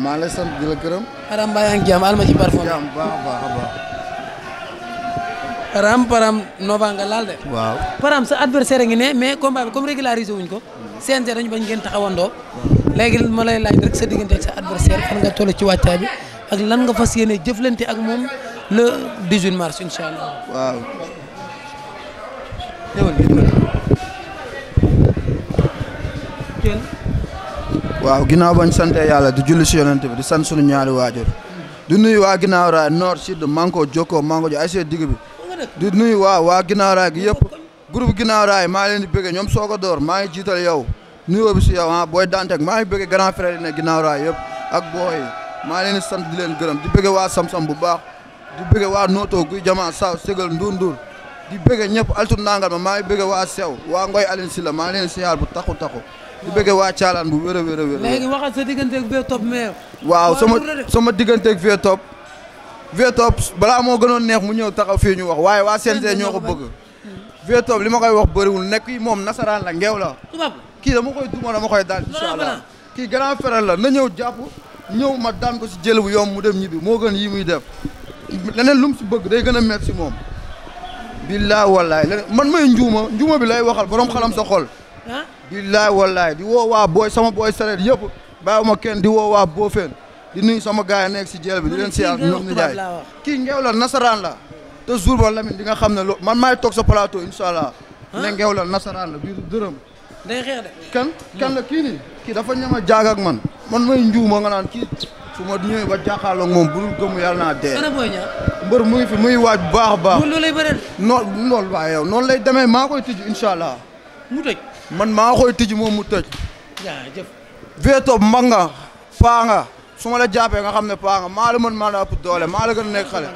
waaye maa ngi lay sant di la gërëm. Aram mbaa yaa ngi jàmm Param Param Nova nga laal de. waaa Param sa adversaire ngi ne mais combat bi comme régularisé wuñ ko. CNG dañu bañ ngeen taxawandoo. léegi ma lay laaj rek sa diggante ak sa adversaire fan nga toll ci wàccaay bi ak lan nga fas yéene jëflante ak moom le 18 mars incha allah. waaw ginnaaw bañ sante yàlla di julli si yonent bi di sant suñu ñaari waajur di nuyu waa ginnaaw raay nord sud manko jokkoo manko jo ay see digg bi di nuyu waa waa ginnaaw raay gi yëpp groupe ginnaaw raay maa leen di bëggee ñoom soo ko door maa ngi jiital yow nuyoo bi si yow ah booy dantek maa ngi bëggee grand frère yi ne ginnaaw raay yëpp ak booy maa leen sant di leen gërëm di bëggee waa sam-sam bu baax di bëggee waa nootoo guy jamaa saaw ségal nduur nduur di bëgg ñëpp altu nangal maa ngi waa sew waa ngoy Alioune Sylla maa ngi leen siyaar bu taxu taxu di bëgg waa caalaan bu wér a wér a wér léegi waxal sa digganteeg Vieux waaw sama sama digganteeg Vieux Top balaa moo gënoon neex mu ñëw taxaw fii ñu wax waaye waa CNG ñoo ko bëgg Vieux li ma koy wax bëriwul nekk yi moom nasaraan la ngeew la kii dama koy duma dama koy daal incha allah kii ganaa frère la na ñëw jàpp ñëw ma daan ko si jël bu yomb mu dem ñibbi moo gën yi muy def leneen lu mu si bëgg day gën a metti moom billaa wallaay man may njuuma njuuma bi lay waxal borom xalam sa xol. ah billaa wallaay di woo booy sama booy sareet yëpp ma kenn di woo waa boofeen di nuyu sama gars nekk si jël bi di leen siyaar ñoom ñu jaay kii ngeew nasaraan la te jour ba Lamine di nga xam ne loo man maay toog sa plateau incha allah. ngeew la nasaraan la biir dërëm. kenn xeex la hmm. kii kii dafa ñama jaag ak man man may njuuma nga naan kii. su ma ñëwee ba jàkkaarloog moom bu dul gëm naa dee. mbër mu ngi fi muy waaj bu baax a baax. loolu lay bëre. noonu loolu waaye noonu lay demee maa koy tijji incha allah. mu tëj man maa koy tij moom mu tëj. jaajëf. veto mag nga paa nga su la jàppee nga xam ne paa nga maa la mën maa la ëpp doole maa la gën a nekk xale.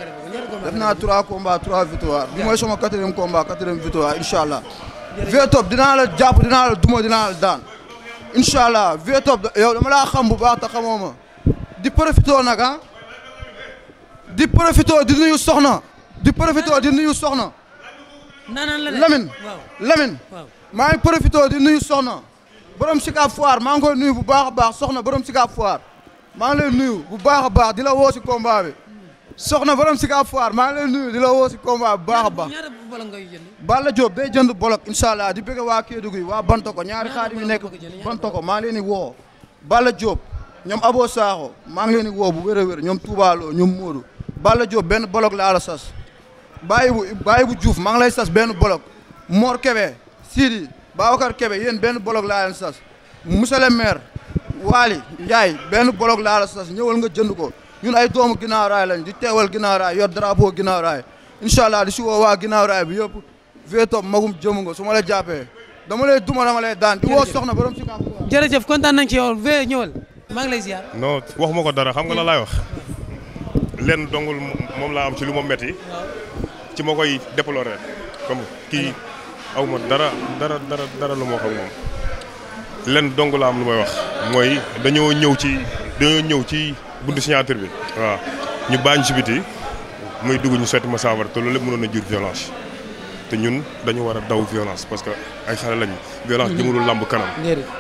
def naa trois combats trois victoires. bi mooy sama quatrième combat quatrième victoire incha allah. veto dinaa la jàpp dinaa la duma dinaa la daan. incha allah veto yow dama xam bu baax di profitoo nag ah di profitoo di nuyu soxna di profitoo di nuyu soxna Lamine Lamine maa ngi profitoo di nuyu soxna borom Sicap Foire maa ngi koy nuyu bu baax a baax soxna borom Sicap Foire maa ngi lay nuyu bu baax a baax di la woo si combat bi soxna borom Sicap Foire maa ngi lay nuyu di la woo si combat bu baax a baax Balla Diop day jënd bolok incha allah di bëgg waa Kédougou yi waa Bantoko ñaari xaar yi nekk Bantoko maa leeni woo Balla Diop ñoom Abo Sakho maa ngi leen woo bu wér wér ñoom Touba Lo ñoom Modou Balla Diop benn bolok laalo sas bàyyi bu bàyyi bu maa ngi lay sas benn bolok Mor Kébé Sidi Babacar Kébé yéen benn bolok laa leen sas monsieur le maire Waly Ndiaye benn bolok laa sas ñëwal nga jënd ko ñun ay doomu ginnaaw raay lañ di teewal ginnaaw raay yor drapeau ginnaaw raay incha allah di si woo waa ginnaaw raay bi yëpp vétop magum jëmu nga su la jàppee dama lay duma dama lay daan di woo soxna borom si kàmb jërëjëf kontaan nañ ci yow maa ngi lay ko dara xam nga la laay wax lenn dongul moom laa am ci lu ma metti ci ma koy déploré comme kii aw ma dara dara dara lu ma wax moom lenn dong laa am lu may wax mooy dañoo ñëw ci dañoo ñëw ci buntu signature bi. waaw ñu baañ ci biti muy dugg ñu sotti ma saafara te loolu lépp mënoon jur violence. te ñun dañu war a daw violence parce que ay xale lañu. violence mm-hmm. jëmalul làmb kanam.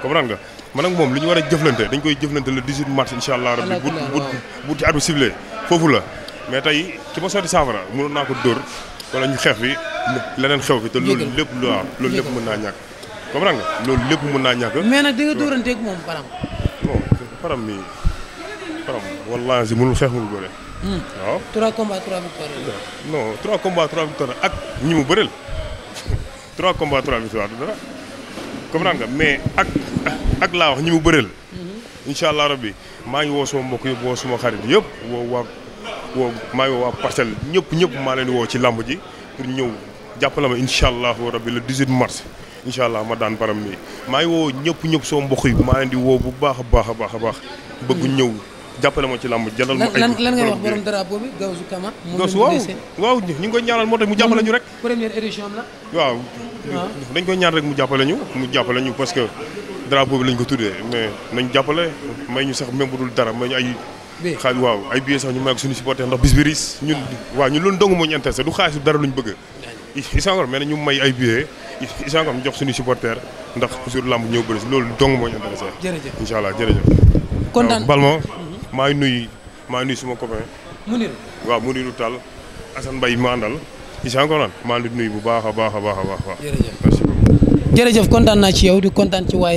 comprendre nga man ak moom li ñu war a jëflante dañ koy jëflante le 18 mars incha allah rabbi bu bu bu ci arbitre sifflé foofu la mais tey ki ma sotti saafara mënoon naa ko dóor wala ñu xeex fi leneen xew fi te loolu lépp lu waaw loolu lépp mën naa ñàkk comprendre nga loolu lépp mën naa ñàkk mais nag di nga dóoranteeg moom param non param mi si mënul xeex mënul bëre Hmm. waaw 3 combats 3 victoires non 3 combats 3 victoires ak ñi mu bëril 3 combats 3 victoires du dara comprendre nga mais ak ak laa wax ñi mu bëril. Hmm. incha allah rabbi maa ngi woo suma mbokk yëpp woo suma xarit yëpp woo waa woo maa ngi woo waa parcelle ñëpp ñëpp maa leen woo ci làmb ji pour ñëw jàppale ma incha allahu rabbi le 18 mars incha allah ma daan param bi maa ngi woo ñëpp ñëpp soo mbokk yi maa leen di woo bu baax a baax a baax a baax bëgg hmm. ñëw. jàppale ma ci làmb jëlal ma ay lan lan drapeau bi Gawsu Kama Gawsu waaw waaw ñu ngi koy ñaanal moo tax mu jàppale ñu rek première édition la waaw ah. dañ koy ñaan rek mu jàppale ñu mu jàppale ñu parce que drapeau bi lañ ko tuddee mais nañ jàppale may ñu sax même bu dara may ñu ay xaalis waaw ay billets sax ñu may ak suñu supporter ndax bis bi riis ñun waaw ñun loolu dong moo ñu intéressé du xaalis dara luñ bëgg isangor mais ñu may ay billets isangor ñu jox suñu supporter ndax toujours lamb ñëw bëri loolu dong moo ñu intéressé jërëjëf incha allah jërëjëf kontaan balmo maa ngi nuyu maa ngi nuyu suma copain. Mounirou waaw Mounirou Tall Assane Mbaye ma àndal incha allah maa ngi nuyu bu baax a baax a baax a baax. ci yow kontaan ci waaye